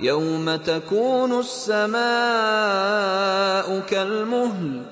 يَوْمَ تَكُونُ السَّمَاءُ كَالْمُهْلِ